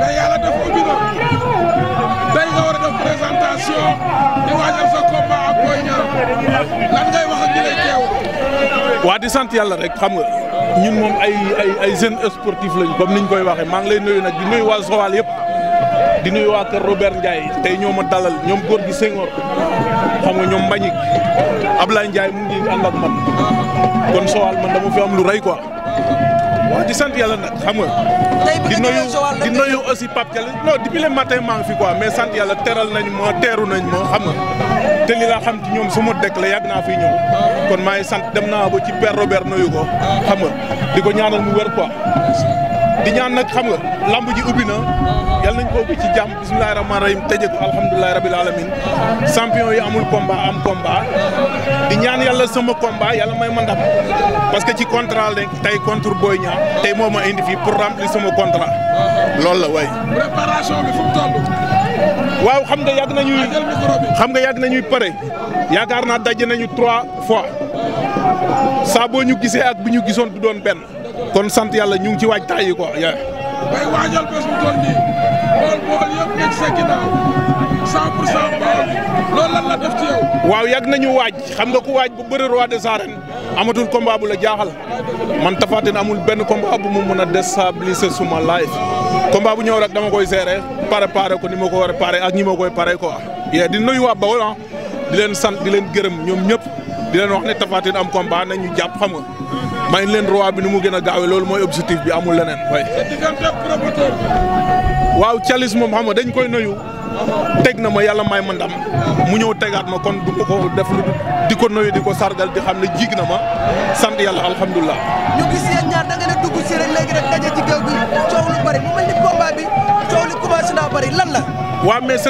mais yàlla def ubbi na tey a def teew. waa di sant yàlla rek xam nga ñun moom ay ay ay jeunes sportifs lañu comme niñ koy waxee maa ngi lay nuyu nag di nuyu waa Joal yëpp. di nuyu waa kër Robert Ndiaye tey ñoo ma dalal ñoom góor gi Senghor xam nga ñoom Mbagnick Ablaye Ndiaye mu ngi ànd ak man kon Joal man dama fi am lu rey quoi. waaw di sant yàlla nag xam nga. di nuyu di nuyu aussi Pape Thiel non depuis le matin maa ngi fi quoi mais sant yàlla teral nañu moo teeru nañ moo xam te li laa xam ci ñoom sama dëkk la yàgg naa fiy ñëw kon maa ngi sant dem naa ba ci père Robert nuyu ko xam nga di ko ñaanal mu wér quoi di ñaan nag xam nga lamb ji ubbi na yal nañ ko ubbi ci jàmm bismillahi rahmaani rahim tëje ko alhamdulilahi rabil alamin champion yi amul combat am combat di ñaan yàlla sama combat yàlla may ma ndam parce que ci contrat la tey contre booy Niang tey moo ma indi fii pour remplir sama contrat loolu la waay préparation waaw xam nga pare yaakaar naa daje nañu trois fois saa boo ñu gisee ak bu ñu gisoon du doon benn kon sant yàlla ñu ngi ci waaj taay yi quoi. bay waajal bés bu toll nii bool bool yëpp nekk sekki daaw 100 loolu la def waaw yàgg nañu waaj xam nga ku waaj bu bëre roi des arènes amatul combat bu la jaaxal man Tapha Tine amul benn combat bu mu mën a déstabiliser suma life combat bu ñëw rek dama koy seere préparé ko ni ma ko a préparé ak ñi ma koy di nuyu di leen sant di leen gërëm ñoom ñëpp di leen wax ne Tapha Tine am combat nañu jàpp xam nga may leen roi bi nu mu gën a gaawee loolu mooy objectif bi amul leneen way waaw Thialis moom xam nga dañ koy nuyu teg na ma yàlla may ma ndam mu ñëw tegaat ma kon du ma ko def lu di ko nuyu di ko sargal di xam ne jig na ma sant yàlla alhamdulilah. ñu gis yéen ñaar da nga dugg si rek léegi rek daje ci géew coow lu bari mu mel ni combat bi coow li commencé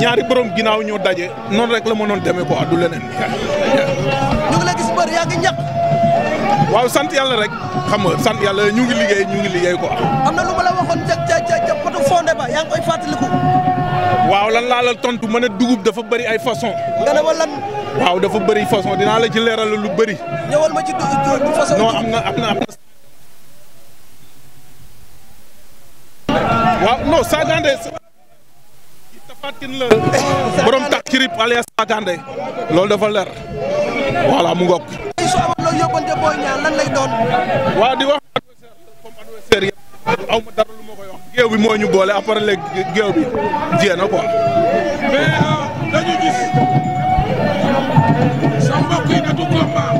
ñaari borom ginnaaw ñoo daje noonu rek la mënoon demee quoi du leneen. ñu ngi la gis mbër yaa ngi ñaq. waaw sant yàlla rek xam nga sant yàlla ñu ngi liggéey ñu ngi liggéey quoi. am na lu ma la waxoon ca ca ca poto fondé ba yaa ngi koy fàttaliku. waaw lan laa la tontu ma ne dugub dafa bëri ay façon nga ne ma lan. waaw dafa bëri façon dinaa la ci leeral lu bëri. ñëwal ma ci am na am na tàkkin la borom tàkkirib a Kandé loolu dafa leer voilà mu ngokk waaw di wax comme adversaire yi aw dara lu ma koy wax géew bi moo ñu boole après léegi géew bi jiyee ko quoi mais euh, dañu gis sa mbokk yi natu combat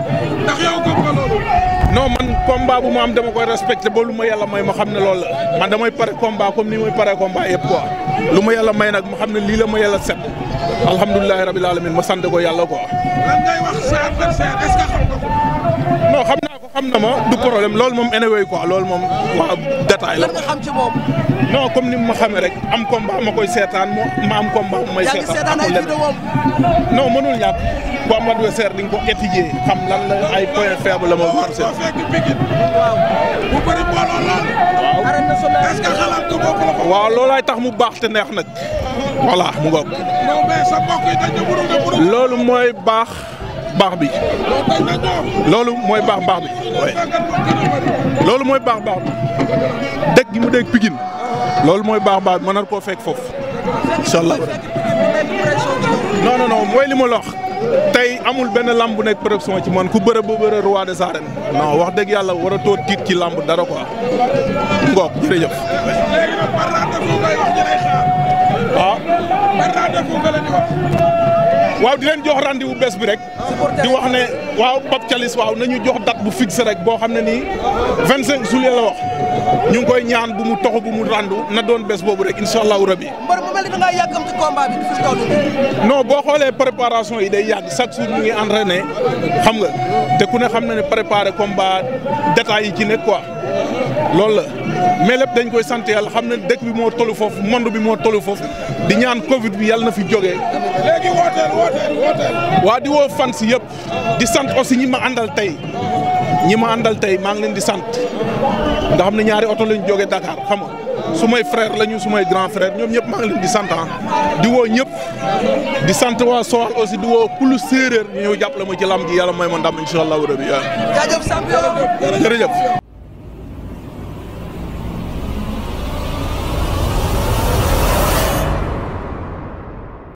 non man combat bu ma am dama koy respecté ba lu ma yàlla may ma xam ne loolu la man damay pare combat comme ni muy pare combat yëpp quoi lu ma yàlla may nag ma xam ne lii la ma yàlla set alhamdulilahi rabil alamin ma sant ko yàlla ko. non xam naa xam na ma du problème loolu moom anyway ko loolu moom waaw détail la. lan nga xam ci comme ni mu ma xame rek am combat ma koy seetaan ma am ma may seetaan. yaa ngi seetaan ay non mënul ñàkk bu am ko étudier xam lan la ay point ba la ma. war a seet waaw bu bëri lool. waaw tax mu baax te neex nag. voilà mu bokk. non loolu mooy baax. baax bi loolu mooy baax baax bi loolu mooy baax baax bi dëkk gi mu dégg Pikine loolu mooy baax baax bi ma nar koo fekk foofu incha allah mooy li ma la tey amul benn lamb bu nekk production ci man ku bëre ba bëre roi des arènes non wax dëgg yàlla war a toog tiit ci lamb dara quoi ngoog jërëjëf. waaw. waaw di leen jox rendez-vous bés bi rek di wax ne waaw Pape Thialis waaw nañu jox date bu fixe rek boo xam ne nii vingt cinq juillet la wax ñu ngi koy ñaan bu mu toxu bu mu rendu na doon bees boobu rek incha allahu rabi. mbër bu bi ci kaw non boo xoolee préparation yi day yàgg chaque jour ñu ngi entraîné xam nga te ku ne xam na ne préparé combat détails yi ci nekk quoi loolu la mais lépp dañ koy sant yàlla xam ne dëkk bi moo tollu foofu monde bi moo tollu foofu di ñaan Covid bi yàlla na fi jógee. waa di woo si yëpp di sant aussi ñi ma àndal tey ñi ma àndal tey maa ngi leen di sant ndax xam ne ñaari oto lañ jógee Dakar xam nga su may frère lañu su may grand frère ñoom ñëpp maa ngi leen di sant ah. di woo ñëpp di sant waa Soar aussi di woo kulu séeréer ñu ñëw la ma ci lam ji yàlla may ma ndam incha allahu rabi. Ah. jaajëf champion